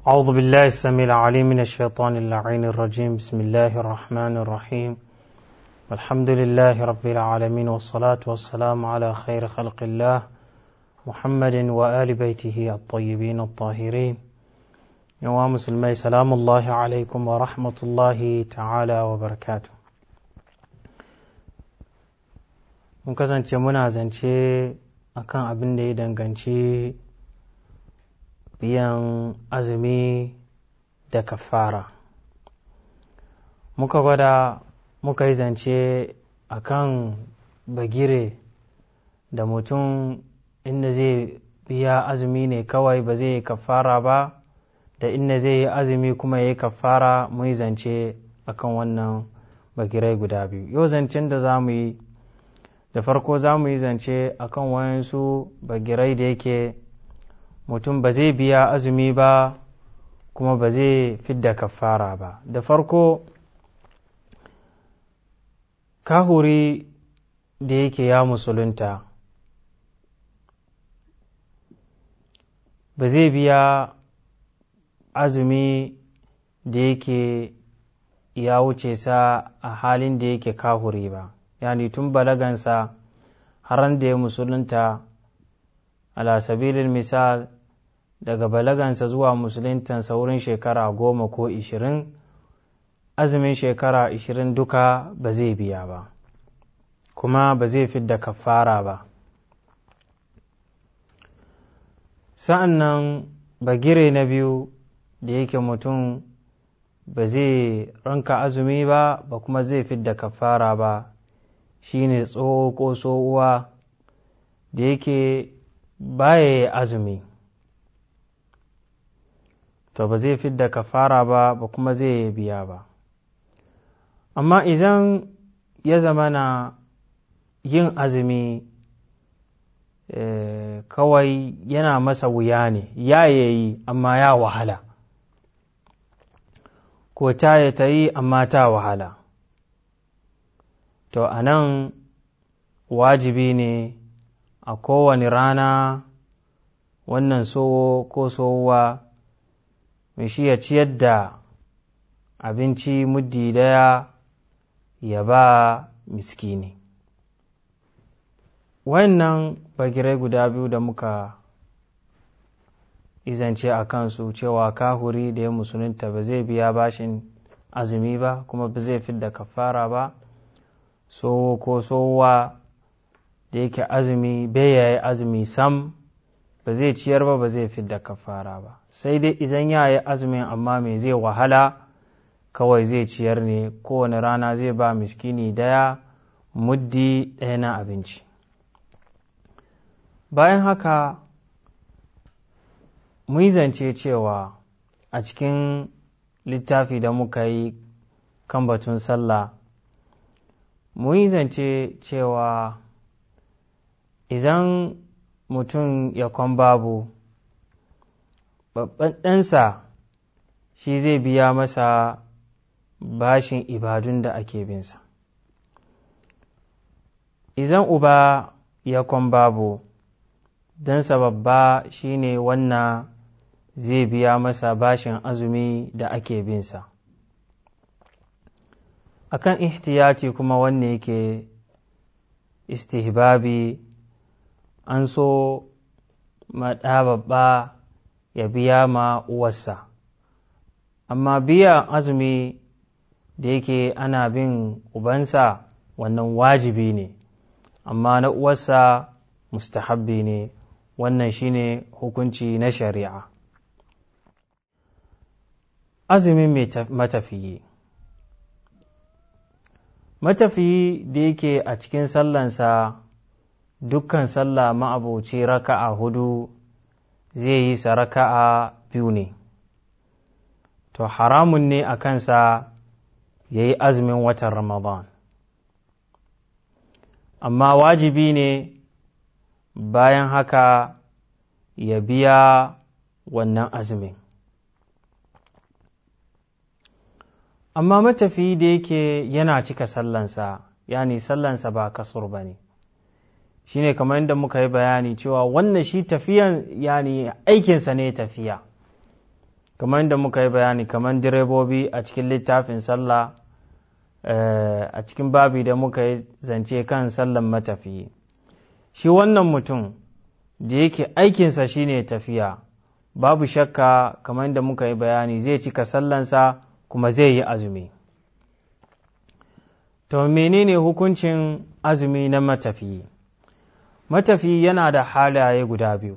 أعوذ بالله السميع العليم من الشيطان اللعين الرجيم بسم الله الرحمن الرحيم الحمد لله رب العالمين والصلاة والسلام على خير خلق الله محمد وآل بيته الطيبين الطاهرين يوم مسلمي سلام الله عليكم ورحمة الله تعالى وبركاته ممكن أن تمنع أن akan abin da biyan azumi da kafara muka gwada muka yi zance a kan bagire da mutum inda zai biya azumi ne kawai ba zai yi kafara ba da inda zai yi azumi kuma ya yi kafara mu yi zance a kan wannan bagirai guda biyu yau zancen da za mu yi da farko za mu yi zance a kan wayansu bagirai da yake mutum ba zai biya azumi ba kuma ba zai fidda kafara ba da farko kahuri da yake ya musulunta ba zai biya azumi da yake ya wuce sa a halin da yake kahuri ba yani tun balagansa haran da ya musulunta ala sabilin misal daga balagansa zuwa musuluntan wurin shekara goma ko ishirin azumin shekara ishirin duka ba zai biya ba kuma ba zai fidda kafara ba sa'an nan bagire na biyu da yake mutum ba zai ranka azumi ba ba kuma zai fidda kafara ba shine tsoho ko tsohuwa da yake baya azumi to ba zai fidda kafara ba ba kuma zai biya ba amma idan ya zama na yin azumi eh, kawai yana masa wuya ne ya yi, amma ya wahala ko ta yi ta yi amma ta wahala to a nan wajibi ne a kowane rana wannan sowo ko sowuwa. mai shi ya ciyar da abinci muddi daya ya ba miskini wannan bagirai guda biyu da muka izance a kansu cewa kahuri da ya musulunta ba zai biya bashin azumi ba kuma ba zai fi fidda kafara ba so ko sowa da yake azumi bai yayi azumi sam ba zai ciyar ba ba zai fi fidda kafara ba sai dai idan ya yi azumin amma mai zai wahala kawai zai ciyar ne kowane rana zai ba miskini daya muddi ɗaya na abinci bayan haka mun zance cewa a cikin littafi da muka yi kan batun sallah mun zance cewa idan mutum ya kwan babu babban ɗansa shi zai biya masa bashin ibadun da ake binsa izan uba ya kwan babu ɗansa babba ne wannan zai biya masa bashin azumi da ake binsa akan ihtiyati kuma wanne yake istihbabi an so maɗa babba ya biya ma uwarsa amma biya azumi da yake ana bin ubansa wannan wajibi ne amma na uwarsa mustahabbi ne wannan shine hukunci na shari'a azumin matafiyi matafiyi da yake a cikin sallansa dukkan sallah ma'aboci raka'a hudu zai yi sa raka'a biyu ne to haramun ne a kansa ya yi azumin watan ramadan amma wajibi ne bayan haka ya biya wannan azumin amma matafi da yake yana cika sallansa yani sallansa ba kasur ba ne shine kamar yadda muka yi bayani cewa wannan shi tafiyan yani aikinsa ne tafiya kamar yadda muka yi bayani kamar direbobi a cikin littafin sallah eh, a cikin babi da muka yi zance kan sallan matafiyi shi wannan mutum da yake aikinsa shine tafiya babu shakka kamar yadda muka yi bayani zai cika sallansa kuma zai yi azumi to menene hukuncin azumi na matafiyi matafi yana da halaye guda biyu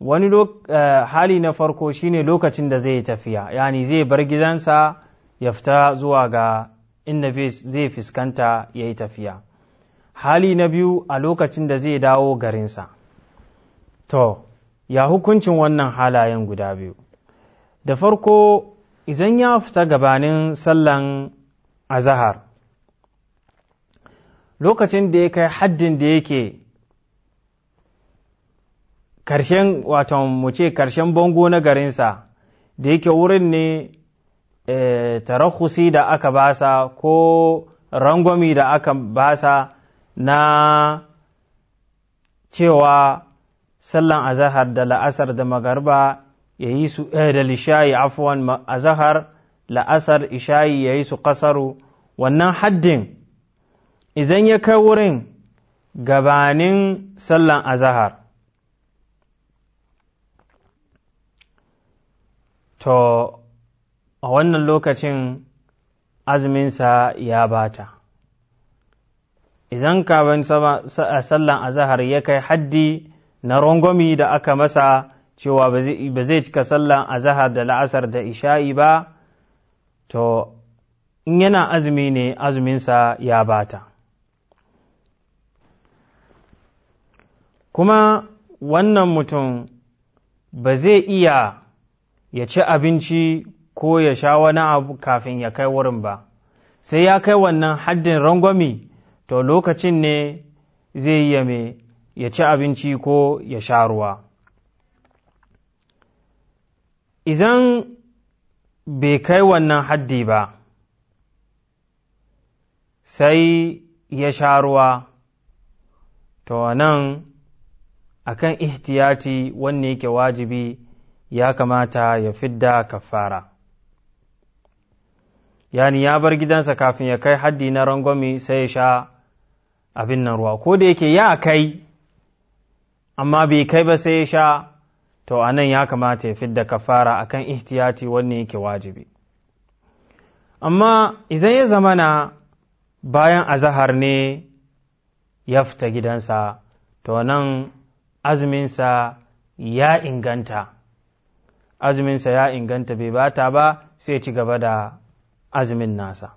wani eh, hali na farko shine lokacin da zai tafiya yani zai bar gidansa ya fita zuwa ga inda zai fuskanta ya yi tafiya hali na biyu a lokacin da zai dawo garinsa to ya hukuncin wannan halayen guda biyu da farko idan ya fita gabanin sallan azahar lokacin da ya kai haddin da yake karshen waton mu ce karshen bango na garinsa da yake wurin ne eh, tarahusi da aka basa ko rangwami da aka basa na cewa sallan azahar da la'asar da magarba ya yi su eh, da lishayi afuwan azahar la'asar ishayi ya yi su kasaru wannan haddin idan ya kai wurin gabanin sallan azahar to a wannan lokacin azuminsa ya bata idan kaban sallan azahar ya kai haddi na rangwami da aka masa cewa ba zai cika sallan azahar da la'asar da isha'i ba to in yana azumi ne azuminsa ya bata kuma wannan mutum ba zai iya ya ci abinci ko ya sha wani abu kafin ya kai wurin ba sai ya kai wannan haddin rangwami to lokacin ne zai yi mai ya ci abinci ko ya sha ruwa Izan bai kai wannan haddi ba sai ya sha ruwa to nan akan ihtiyati wanne yake wajibi ya kamata ya fidda kafara yani ya bar gidansa kafin ya kai haddi na rangwami sai ya sha abin nan ruwa ko da yake ya kai amma bai kai ba sai ya sha to a nan ya kamata ya fidda kafara akan ihtiyati wanne yake wajibi amma izan ya zamana bayan azahar ne ya fita gidansa to nan azuminsa ya inganta azuminsa ya inganta bai bata ba sai ci gaba da azumin nasa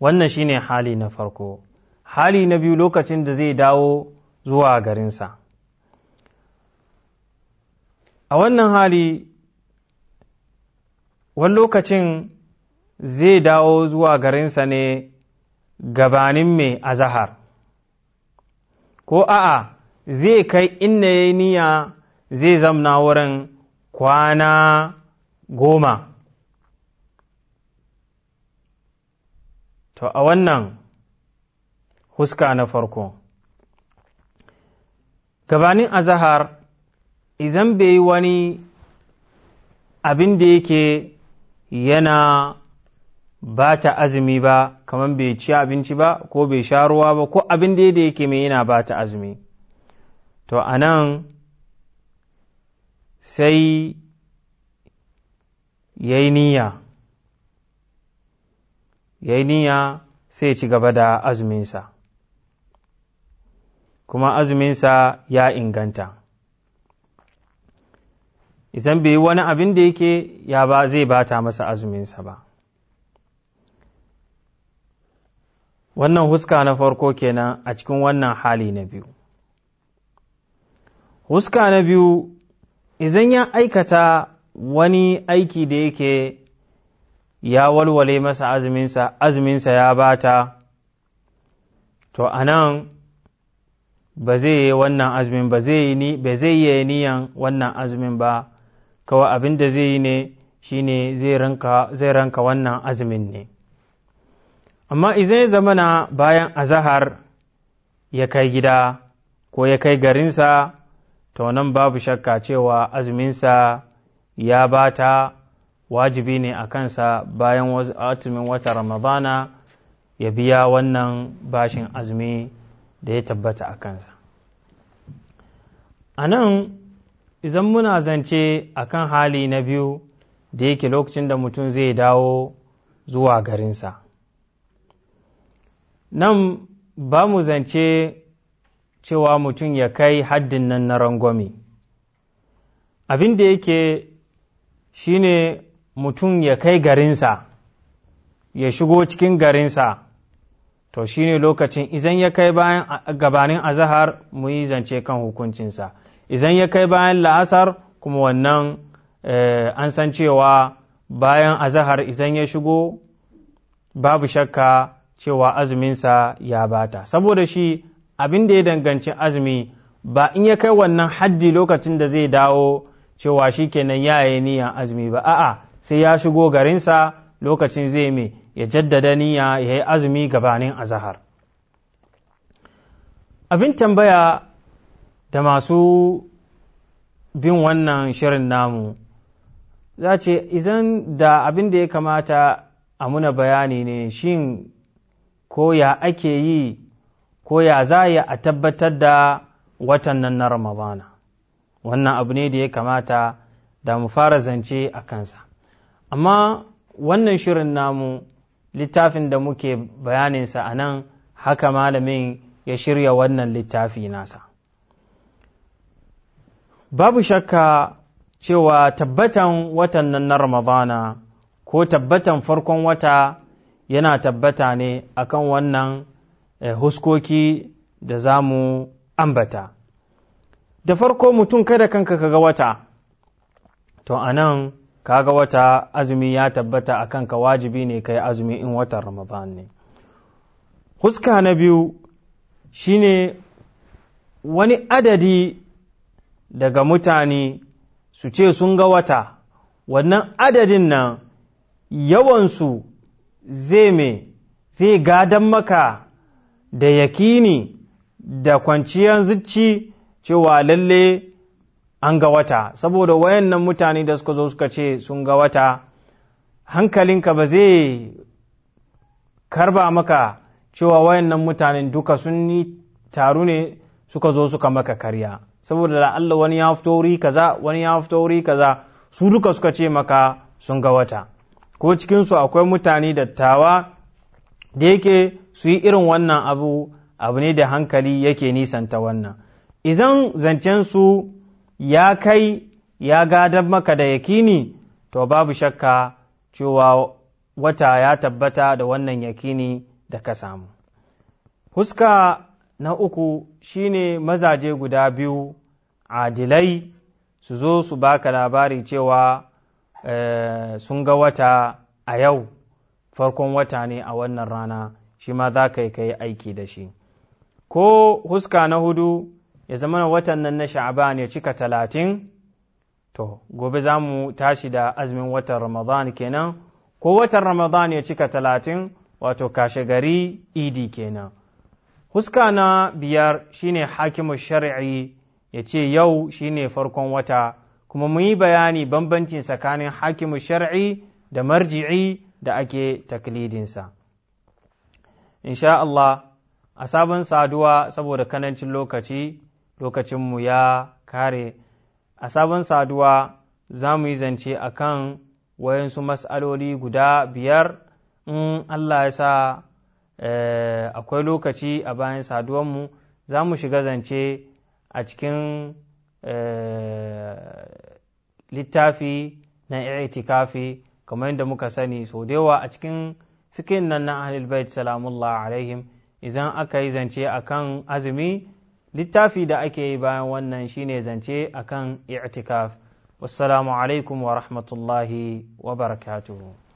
wannan shine hali na farko hali na biyu lokacin da zai dawo zuwa garinsa a wannan hali wani lokacin zai dawo zuwa garinsa ne gabanin mai azahar ko a'a zai kai inna ya niyya zai zamna wurin kwana goma to a wannan huska na farko gabanin azahar izan bai yi wani abin da yake yana ba ta azumi ba kamar bai ci abinci ba ko bai sha ruwa ba ko abin da yake mai yana ba ta azumi to a nan sai ya yi niyya ya yi niyya sai ci gaba da azuminsa kuma azuminsa ya inganta isan bai wani abin da yake ya ba zai bata masa azuminsa ba wannan huska na farko kenan a cikin wannan hali na biyu huska na biyu Izan ya aikata wani aiki da yake ya walwale masa azuminsa azuminsa ya bata to a nan ba zai yi wannan azumin ba zai yi niyan wannan azumin ba kawai abin da zai yi ne shine zai ranka wannan azumin ne amma izai zamana bayan azahar ya kai gida ko ya kai garinsa to nan babu shakka cewa azuminsa ya bata wajibi ne a kansa bayan atumin wata ramadana ya biya wannan bashin azumi da ya tabbata a kansa a nan idan muna zance a kan hali na biyu da yake lokacin da mutum zai dawo zuwa garinsa nan ba mu zance cewa mutum ya kai haddin nan na rangwame abin da yake ne mutum ya kai garinsa ya shigo cikin garinsa to shi ne lokacin izan ya kai bayan gabanin azahar mu yi zance kan hukuncinsa izan ya kai bayan la'asar kuma wannan eh, an san cewa bayan azahar izan ya shigo babu shakka cewa azuminsa ya bata saboda shi abin da ya danganci azumi ba in ya kai wannan haddi lokacin da zai dawo cewa shi kenan ya yi niyan azumi ba a'a sai ya shigo garinsa lokacin zai mai ya jaddada niyya ya yi azumi gabanin azahar abin tambaya da masu bin wannan shirin namu za ce izan da abin da ya kamata a muna bayani ne shin ko ya ake yi ko ya za a tabbatar da watan nan na Ramadana, wannan abu ne da ya kamata da mu fara zance a kansa. Amma wannan shirin namu littafin da muke bayaninsa a nan haka malamin ya shirya wannan littafi nasa. Babu shakka cewa tabbatan watan nan na Ramadana ko tabbatan farkon wata yana tabbata ne akan wannan Eh, huskoki da za mu ambata da farko mutum kada kanka kaga wata to a nan kaga wata azumi ya tabbata a kanka wajibi ne kai azumi in watan ramadan ne huska na biyu shine wani adadi daga mutane su ce sun ga wata wannan adadin nan yawansu zai me zai gadan maka da yakini da kwanciyar zuci cewa lalle an ga wata saboda wayannan mutane da suka zo suka ce sun ga wata hankalinka ba zai karba maka cewa wayannan mutanen duka sun yi taru ne suka zo suka maka karya saboda da Allah wani ya fito wuri kaza wani ya fito wuri kaza su duka suka ce maka sun ga wata ko cikinsu akwai mutane da tawa. da yake su yi irin wannan abu abu ne da hankali yake nisanta wannan izan zancensu ya kai ya gadar maka da yakini to babu shakka cewa wata ya tabbata da wannan yakini da ka samu huska na uku shine mazaje guda biyu adilai su zo su baka labari cewa eh, sun ga wata a yau farkon wata ne a wannan rana shi ma za ka yi ka aiki da shi ko huska na hudu ya zama watan nan na sha'aban ya cika talatin to gobe za mu tashi da azumin watan ramadan kenan ko watan ramadan ya cika talatin wato kashe gari idi kenan huska na biyar shine hakimu shari'i ya ce yau shine farkon wata kuma mu yi bayani bambanci tsakanin hakimu shari'i da marji'i da ake taklidinsa insha Allah a sabon saduwa saboda kanancin lokaci lokacinmu ya kare a sabon saduwa za mu yi zance a kan wayansu mas'aloli guda biyar in Allah ya sa eh, akwai lokaci a bayan saduwanmu za mu shiga zance a cikin eh, littafi na itikafi kamar yadda muka sani sau da yawa a cikin fikin nan na ahlul bait salamullah alaihim idan aka yi zance akan azumi littafi da ake yi bayan wannan shine zance akan i'tikaf wassalamu alaikum wa rahmatullahi wa barakatuhu